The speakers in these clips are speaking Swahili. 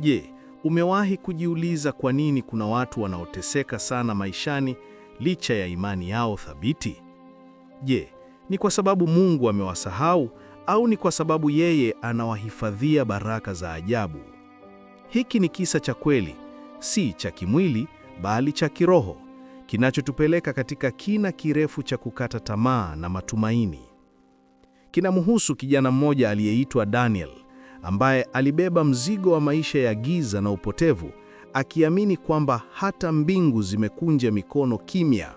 Je, umewahi kujiuliza kwa nini kuna watu wanaoteseka sana maishani licha ya imani yao thabiti? Je, ni kwa sababu Mungu amewasahau au ni kwa sababu yeye anawahifadhia baraka za ajabu? Hiki ni kisa cha kweli, si cha kimwili bali cha kiroho, kinachotupeleka katika kina kirefu cha kukata tamaa na matumaini. Kinamhusu kijana mmoja aliyeitwa Daniel ambaye alibeba mzigo wa maisha ya giza na upotevu, akiamini kwamba hata mbingu zimekunja mikono kimya.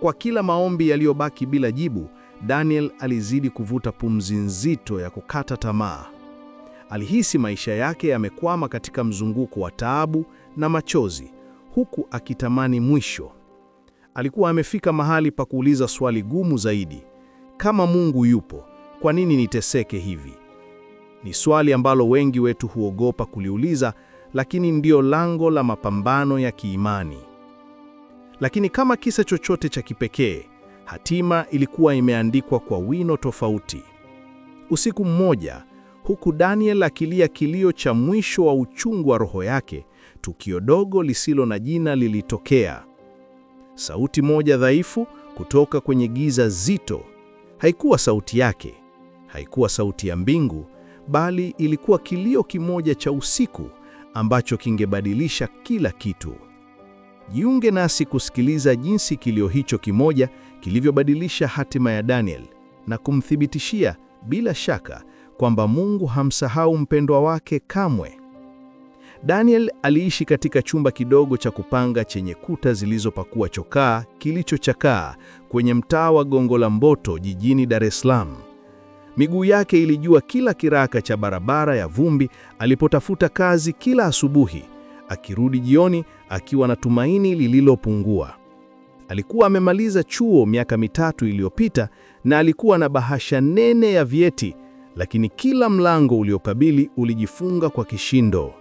Kwa kila maombi yaliyobaki bila jibu, Daniel alizidi kuvuta pumzi nzito ya kukata tamaa. Alihisi maisha yake yamekwama katika mzunguko wa taabu na machozi, huku akitamani mwisho. Alikuwa amefika mahali pa kuuliza swali gumu zaidi: kama Mungu yupo, kwa nini niteseke hivi? Ni swali ambalo wengi wetu huogopa kuliuliza, lakini ndio lango la mapambano ya kiimani. Lakini kama kisa chochote cha kipekee, hatima ilikuwa imeandikwa kwa wino tofauti. Usiku mmoja, huku Daniel akilia kilio cha mwisho wa uchungu wa roho yake, tukio dogo lisilo na jina lilitokea. Sauti moja dhaifu kutoka kwenye giza zito. Haikuwa sauti yake, haikuwa sauti ya mbingu, bali ilikuwa kilio kimoja cha usiku ambacho kingebadilisha kila kitu. Jiunge nasi kusikiliza jinsi kilio hicho kimoja kilivyobadilisha hatima ya Daniel na kumthibitishia bila shaka kwamba Mungu hamsahau mpendwa wake kamwe. Daniel aliishi katika chumba kidogo cha kupanga chenye kuta zilizopakua chokaa kilichochakaa kwenye mtaa wa Gongo la Mboto jijini Dar es Salaam. Miguu yake ilijua kila kiraka cha barabara ya vumbi alipotafuta kazi kila asubuhi, akirudi jioni akiwa na tumaini lililopungua. Alikuwa amemaliza chuo miaka mitatu iliyopita na alikuwa na bahasha nene ya vyeti, lakini kila mlango uliokabili ulijifunga kwa kishindo.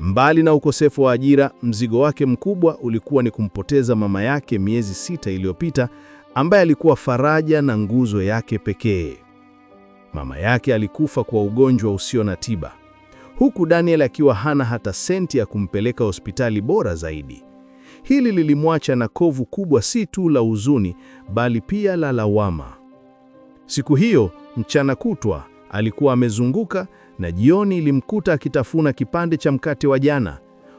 Mbali na ukosefu wa ajira, mzigo wake mkubwa ulikuwa ni kumpoteza mama yake miezi sita iliyopita, ambaye alikuwa faraja na nguzo yake pekee. Mama yake alikufa kwa ugonjwa usio na tiba, huku Daniel akiwa hana hata senti ya kumpeleka hospitali bora zaidi. Hili lilimwacha na kovu kubwa, si tu la huzuni, bali pia la lawama. Siku hiyo mchana kutwa alikuwa amezunguka, na jioni ilimkuta akitafuna kipande cha mkate wa jana,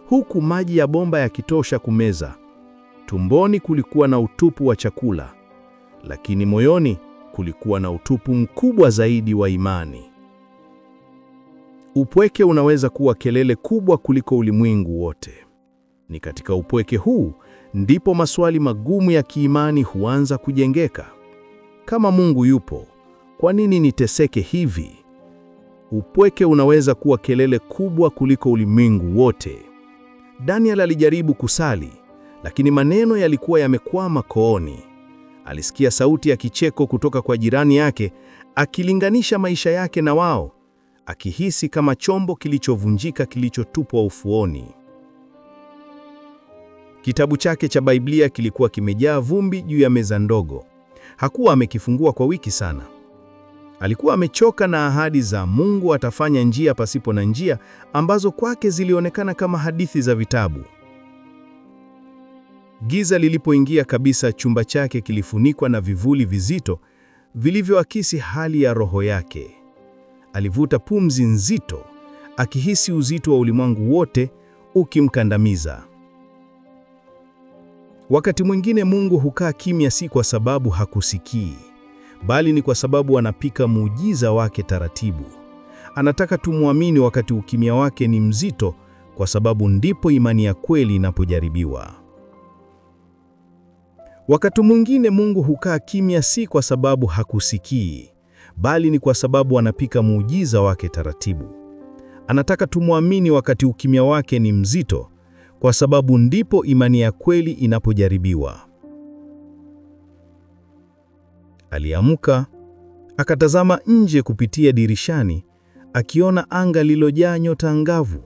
huku maji ya bomba yakitosha kumeza. Tumboni kulikuwa na utupu wa chakula, lakini moyoni kulikuwa na utupu mkubwa zaidi wa imani. Upweke unaweza kuwa kelele kubwa kuliko ulimwengu wote. Ni katika upweke huu ndipo maswali magumu ya kiimani huanza kujengeka. Kama Mungu yupo, kwa nini niteseke hivi? Upweke unaweza kuwa kelele kubwa kuliko ulimwengu wote. Daniel alijaribu kusali, lakini maneno yalikuwa yamekwama kooni. Alisikia sauti ya kicheko kutoka kwa jirani yake, akilinganisha maisha yake na wao, akihisi kama chombo kilichovunjika kilichotupwa ufuoni. Kitabu chake cha Biblia kilikuwa kimejaa vumbi juu ya meza ndogo. Hakuwa amekifungua kwa wiki sana. Alikuwa amechoka na ahadi za Mungu atafanya njia pasipo na njia ambazo kwake zilionekana kama hadithi za vitabu. Giza lilipoingia kabisa, chumba chake kilifunikwa na vivuli vizito vilivyoakisi hali ya roho yake. Alivuta pumzi nzito, akihisi uzito wa ulimwengu wote ukimkandamiza. Wakati mwingine Mungu hukaa kimya, si kwa sababu hakusikii, bali ni kwa sababu anapika muujiza wake taratibu. Anataka tumwamini wakati ukimya wake ni mzito, kwa sababu ndipo imani ya kweli inapojaribiwa. Wakati mwingine Mungu hukaa kimya, si kwa sababu hakusikii, bali ni kwa sababu anapika muujiza wake taratibu. Anataka tumwamini wakati ukimya wake ni mzito, kwa sababu ndipo imani ya kweli inapojaribiwa. Aliamka akatazama nje kupitia dirishani, akiona anga lilojaa nyota angavu.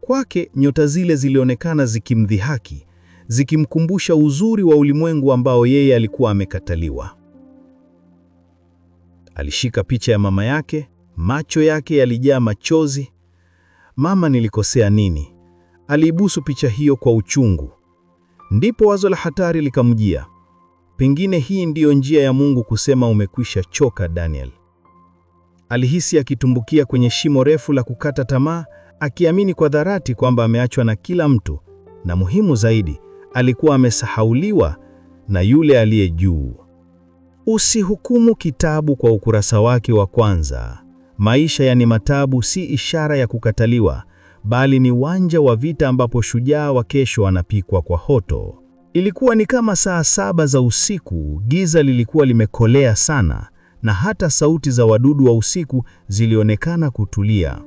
Kwake nyota zile zilionekana zikimdhihaki, zikimkumbusha uzuri wa ulimwengu ambao yeye alikuwa amekataliwa. Alishika picha ya mama yake, macho yake yalijaa machozi. Mama, nilikosea nini? Aliibusu picha hiyo kwa uchungu. Ndipo wazo la hatari likamjia. Pengine hii ndiyo njia ya Mungu kusema umekwisha choka, Daniel. Alihisi akitumbukia kwenye shimo refu la kukata tamaa, akiamini kwa dharati kwamba ameachwa na kila mtu, na muhimu zaidi, alikuwa amesahauliwa na yule aliye juu. Usihukumu kitabu kwa ukurasa wake wa kwanza. Maisha yani matabu si ishara ya kukataliwa, bali ni uwanja wa vita ambapo shujaa wa kesho anapikwa kwa hoto. Ilikuwa ni kama saa saba za usiku, giza lilikuwa limekolea sana na hata sauti za wadudu wa usiku zilionekana kutulia.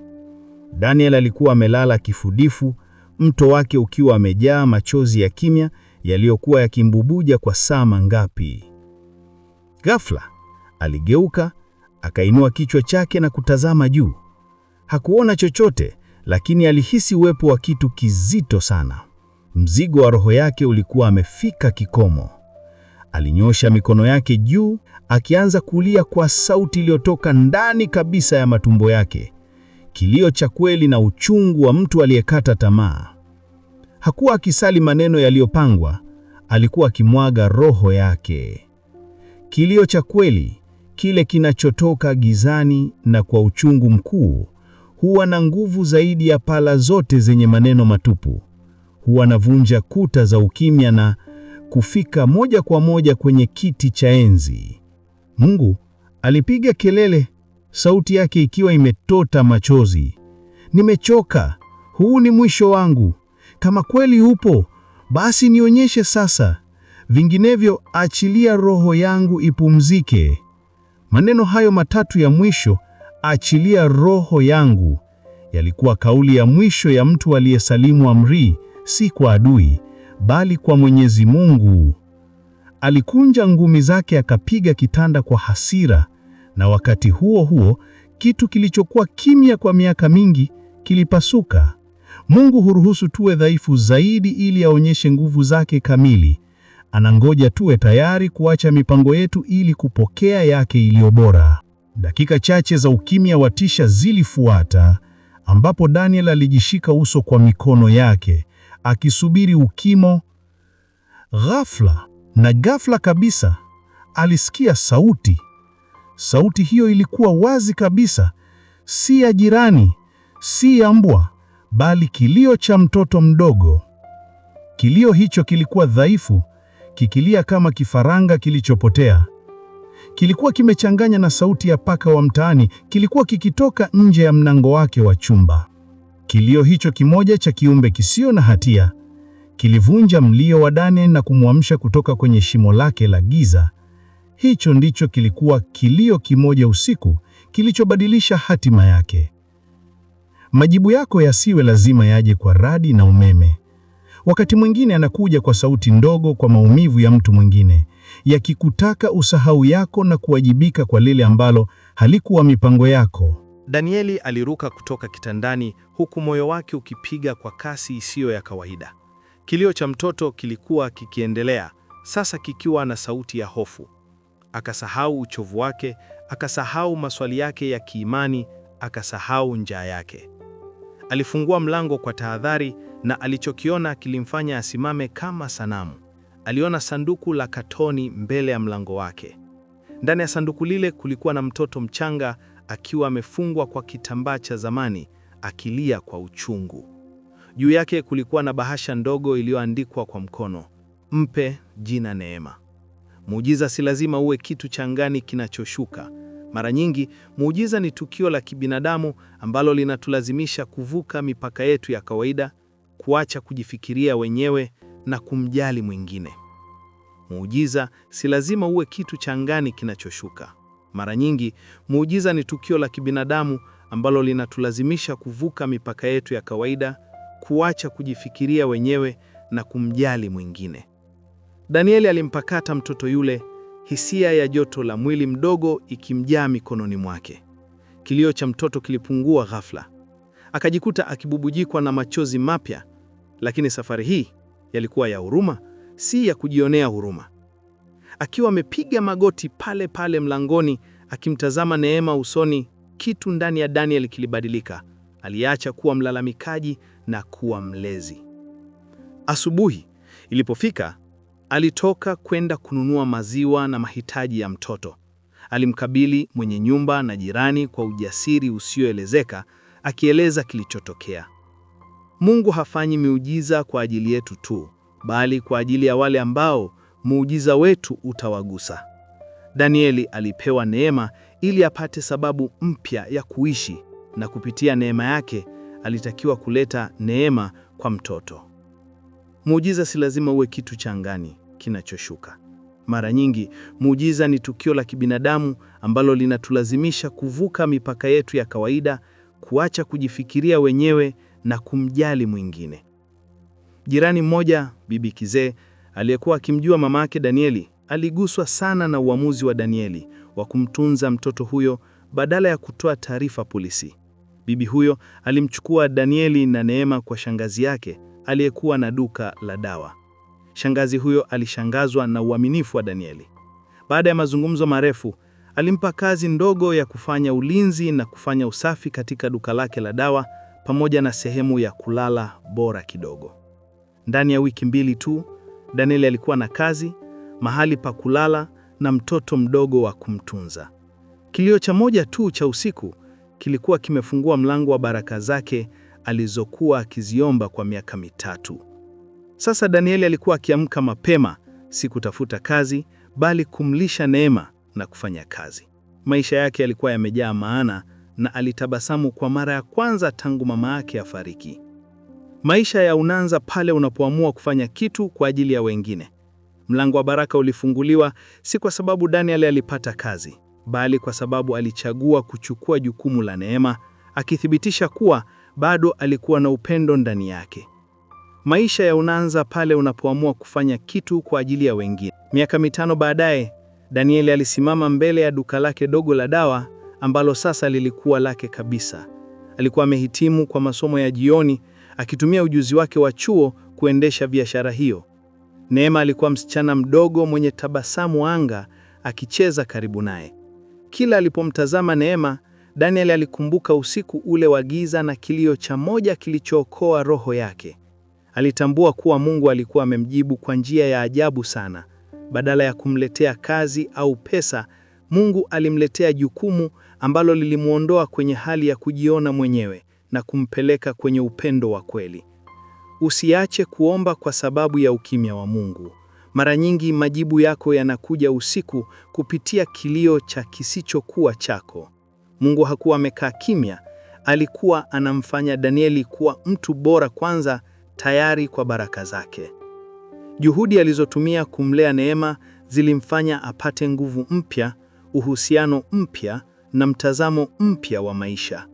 Daniel alikuwa amelala kifudifu mto wake ukiwa amejaa machozi ya kimya yaliyokuwa yakimbubuja kwa saa mangapi. Ghafla aligeuka, akainua kichwa chake na kutazama juu. Hakuona chochote, lakini alihisi uwepo wa kitu kizito sana. Mzigo wa roho yake ulikuwa amefika kikomo. Alinyosha mikono yake juu, akianza kulia kwa sauti iliyotoka ndani kabisa ya matumbo yake kilio cha kweli na uchungu wa mtu aliyekata tamaa. Hakuwa akisali maneno yaliyopangwa, alikuwa akimwaga roho yake. Kilio cha kweli, kile kinachotoka gizani na kwa uchungu mkuu, huwa na nguvu zaidi ya pala zote zenye maneno matupu. Huwa navunja kuta za ukimya na kufika moja kwa moja kwenye kiti cha enzi. Mungu alipiga kelele sauti yake ikiwa imetota machozi. Nimechoka, huu ni mwisho wangu. Kama kweli upo, basi nionyeshe sasa, vinginevyo achilia roho yangu ipumzike. Maneno hayo matatu ya mwisho, achilia roho yangu, yalikuwa kauli ya mwisho ya mtu aliyesalimu amri, si kwa adui, bali kwa Mwenyezi Mungu. Alikunja ngumi zake akapiga kitanda kwa hasira, na wakati huo huo kitu kilichokuwa kimya kwa miaka mingi kilipasuka. Mungu huruhusu tuwe dhaifu zaidi ili aonyeshe nguvu zake kamili. Anangoja tuwe tayari kuacha mipango yetu ili kupokea yake iliyo bora. Dakika chache za ukimya wa tisha zilifuata, ambapo Daniel alijishika uso kwa mikono yake akisubiri ukimo. Ghafla na ghafla kabisa alisikia sauti Sauti hiyo ilikuwa wazi kabisa, si ya jirani, si ya mbwa, bali kilio cha mtoto mdogo. Kilio hicho kilikuwa dhaifu, kikilia kama kifaranga kilichopotea. Kilikuwa kimechanganya na sauti ya paka wa mtaani, kilikuwa kikitoka nje ya mlango wake wa chumba. Kilio hicho kimoja cha kiumbe kisio na hatia kilivunja mlio wa dane na kumwamsha kutoka kwenye shimo lake la giza. Hicho ndicho kilikuwa kilio kimoja usiku kilichobadilisha hatima yake. Majibu yako yasiwe lazima yaje kwa radi na umeme. Wakati mwingine anakuja kwa sauti ndogo, kwa maumivu ya mtu mwingine, yakikutaka usahau yako na kuwajibika kwa lile ambalo halikuwa mipango yako. Danieli aliruka kutoka kitandani huku moyo wake ukipiga kwa kasi isiyo ya kawaida. Kilio cha mtoto kilikuwa kikiendelea, sasa kikiwa na sauti ya hofu akasahau uchovu wake, akasahau maswali yake ya kiimani, akasahau njaa yake. Alifungua mlango kwa tahadhari, na alichokiona kilimfanya asimame kama sanamu. Aliona sanduku la katoni mbele ya mlango wake. Ndani ya sanduku lile kulikuwa na mtoto mchanga akiwa amefungwa kwa kitambaa cha zamani, akilia kwa uchungu. Juu yake kulikuwa na bahasha ndogo iliyoandikwa kwa mkono, mpe jina Neema. Muujiza si lazima uwe kitu cha angani kinachoshuka. Mara nyingi muujiza ni tukio la kibinadamu ambalo linatulazimisha kuvuka mipaka yetu ya kawaida, kuacha kujifikiria wenyewe na kumjali mwingine. Muujiza si lazima uwe kitu cha angani kinachoshuka. Mara nyingi muujiza ni tukio la kibinadamu ambalo linatulazimisha kuvuka mipaka yetu ya kawaida, kuacha kujifikiria wenyewe na kumjali mwingine. Danieli alimpakata mtoto yule, hisia ya joto la mwili mdogo ikimjaa mikononi mwake. Kilio cha mtoto kilipungua ghafla, akajikuta akibubujikwa na machozi mapya, lakini safari hii yalikuwa ya huruma, si ya kujionea huruma. Akiwa amepiga magoti pale pale mlangoni, akimtazama Neema usoni, kitu ndani ya Daniel kilibadilika. Aliacha kuwa mlalamikaji na kuwa mlezi. Asubuhi ilipofika Alitoka kwenda kununua maziwa na mahitaji ya mtoto. Alimkabili mwenye nyumba na jirani kwa ujasiri usioelezeka, akieleza kilichotokea. Mungu hafanyi miujiza kwa ajili yetu tu, bali kwa ajili ya wale ambao muujiza wetu utawagusa. Danieli alipewa neema ili apate sababu mpya ya kuishi, na kupitia neema yake alitakiwa kuleta neema kwa mtoto. Muujiza si lazima uwe kitu cha angani kinachoshuka. Mara nyingi muujiza ni tukio la kibinadamu ambalo linatulazimisha kuvuka mipaka yetu ya kawaida, kuacha kujifikiria wenyewe na kumjali mwingine. Jirani mmoja, Bibi Kizee, aliyekuwa akimjua mamake Danieli, aliguswa sana na uamuzi wa Danieli wa kumtunza mtoto huyo badala ya kutoa taarifa polisi. Bibi huyo alimchukua Danieli na Neema kwa shangazi yake aliyekuwa na duka la dawa. Shangazi huyo alishangazwa na uaminifu wa Danieli. Baada ya mazungumzo marefu, alimpa kazi ndogo ya kufanya ulinzi na kufanya usafi katika duka lake la dawa pamoja na sehemu ya kulala bora kidogo. Ndani ya wiki mbili tu, Danieli alikuwa na kazi, mahali pa kulala na mtoto mdogo wa kumtunza. Kilio cha moja tu cha usiku kilikuwa kimefungua mlango wa baraka zake alizokuwa akiziomba kwa miaka mitatu. Sasa Danieli alikuwa akiamka mapema, si kutafuta kazi, bali kumlisha neema na kufanya kazi. Maisha yake yalikuwa yamejaa maana na alitabasamu kwa mara ya kwanza tangu mama yake afariki. Maisha ya unanza pale unapoamua kufanya kitu kwa ajili ya wengine. Mlango wa baraka ulifunguliwa si kwa sababu Danieli alipata kazi, bali kwa sababu alichagua kuchukua jukumu la neema, akithibitisha kuwa bado alikuwa na upendo ndani yake. Maisha ya unanza pale unapoamua kufanya kitu kwa ajili ya wengine. Miaka mitano baadaye, Danieli alisimama mbele ya duka lake dogo la dawa ambalo sasa lilikuwa lake kabisa. Alikuwa amehitimu kwa masomo ya jioni, akitumia ujuzi wake wa chuo kuendesha biashara hiyo. Neema alikuwa msichana mdogo mwenye tabasamu anga, akicheza karibu naye. Kila alipomtazama Neema, Daniel alikumbuka usiku ule wa giza na kilio cha moja kilichookoa roho yake. Alitambua kuwa Mungu alikuwa amemjibu kwa njia ya ajabu sana. Badala ya kumletea kazi au pesa, Mungu alimletea jukumu ambalo lilimwondoa kwenye hali ya kujiona mwenyewe na kumpeleka kwenye upendo wa kweli. Usiache kuomba kwa sababu ya ukimya wa Mungu. Mara nyingi majibu yako yanakuja usiku kupitia kilio cha kisichokuwa chako. Mungu hakuwa amekaa kimya, alikuwa anamfanya Danieli kuwa mtu bora kwanza tayari kwa baraka zake. Juhudi alizotumia kumlea Neema zilimfanya apate nguvu mpya, uhusiano mpya na mtazamo mpya wa maisha.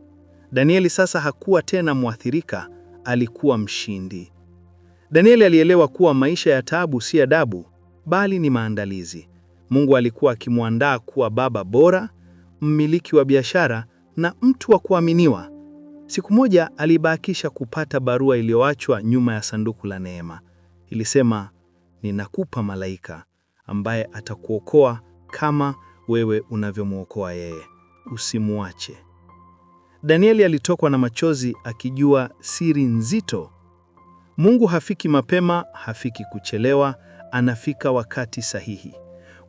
Danieli sasa hakuwa tena mwathirika, alikuwa mshindi. Danieli alielewa kuwa maisha ya taabu si adabu, bali ni maandalizi. Mungu alikuwa akimwandaa kuwa baba bora, mmiliki wa biashara na mtu wa kuaminiwa. Siku moja alibahatisha kupata barua iliyoachwa nyuma ya sanduku la neema. Ilisema, ninakupa malaika ambaye atakuokoa kama wewe unavyomwokoa yeye, usimwache. Danieli alitokwa na machozi akijua siri nzito. Mungu hafiki mapema, hafiki kuchelewa, anafika wakati sahihi.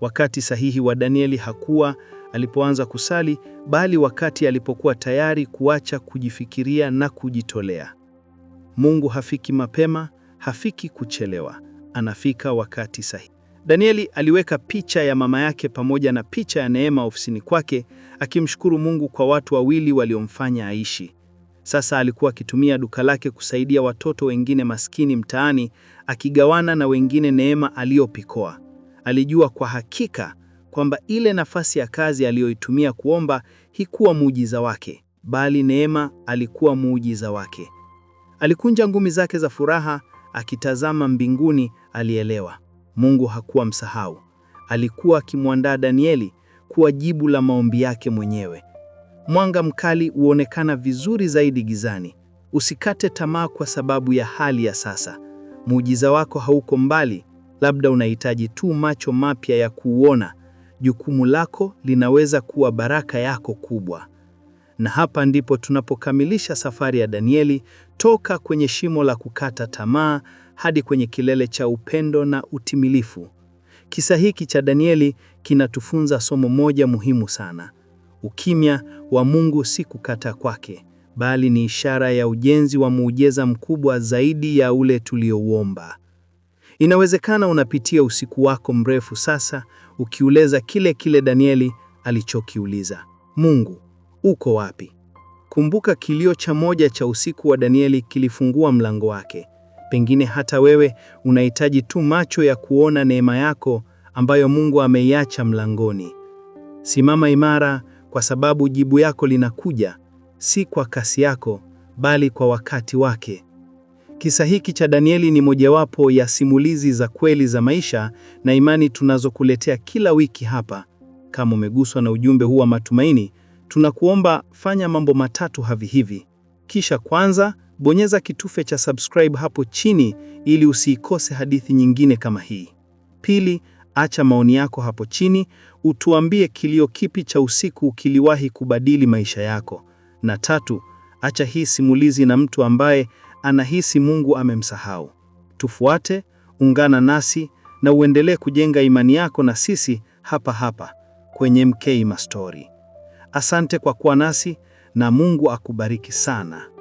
Wakati sahihi wa Danieli hakuwa alipoanza kusali, bali wakati alipokuwa tayari kuacha kujifikiria na kujitolea. Mungu hafiki mapema, hafiki kuchelewa, anafika wakati sahihi. Danieli aliweka picha ya mama yake pamoja na picha ya Neema ofisini kwake, akimshukuru Mungu kwa watu wawili waliomfanya aishi. Sasa alikuwa akitumia duka lake kusaidia watoto wengine maskini mtaani, akigawana na wengine neema aliyopikoa. Alijua kwa hakika kwamba ile nafasi ya kazi aliyoitumia kuomba hikuwa muujiza wake, bali Neema alikuwa muujiza wake. Alikunja ngumi zake za furaha akitazama mbinguni. Alielewa Mungu hakuwa msahau, alikuwa akimwandaa Danieli kuwa jibu la maombi yake mwenyewe. Mwanga mkali huonekana vizuri zaidi gizani. Usikate tamaa kwa sababu ya hali ya sasa. Muujiza wako hauko mbali, labda unahitaji tu macho mapya ya kuuona jukumu lako linaweza kuwa baraka yako kubwa. Na hapa ndipo tunapokamilisha safari ya Danieli toka kwenye shimo la kukata tamaa hadi kwenye kilele cha upendo na utimilifu. Kisa hiki cha Danieli kinatufunza somo moja muhimu sana. Ukimya wa Mungu si kukata kwake, bali ni ishara ya ujenzi wa muujiza mkubwa zaidi ya ule tuliouomba. Inawezekana unapitia usiku wako mrefu sasa ukiuleza kile kile Danieli alichokiuliza, Mungu uko wapi? Kumbuka kilio cha moja cha usiku wa Danieli kilifungua mlango wake. Pengine hata wewe unahitaji tu macho ya kuona neema yako ambayo Mungu ameiacha mlangoni. Simama imara, kwa sababu jibu yako linakuja, si kwa kasi yako, bali kwa wakati wake. Kisa hiki cha Danieli ni mojawapo ya simulizi za kweli za maisha na imani tunazokuletea kila wiki hapa. Kama umeguswa na ujumbe huu wa matumaini, tunakuomba fanya mambo matatu havi hivi. Kisha kwanza, bonyeza kitufe cha subscribe hapo chini ili usiikose hadithi nyingine kama hii. Pili, acha maoni yako hapo chini, utuambie kilio kipi cha usiku kiliwahi kubadili maisha yako. Na tatu, acha hii simulizi na mtu ambaye anahisi Mungu amemsahau. Tufuate, ungana nasi na uendelee kujenga imani yako na sisi hapa hapa kwenye Mkei Mastori. Asante kwa kuwa nasi na Mungu akubariki sana.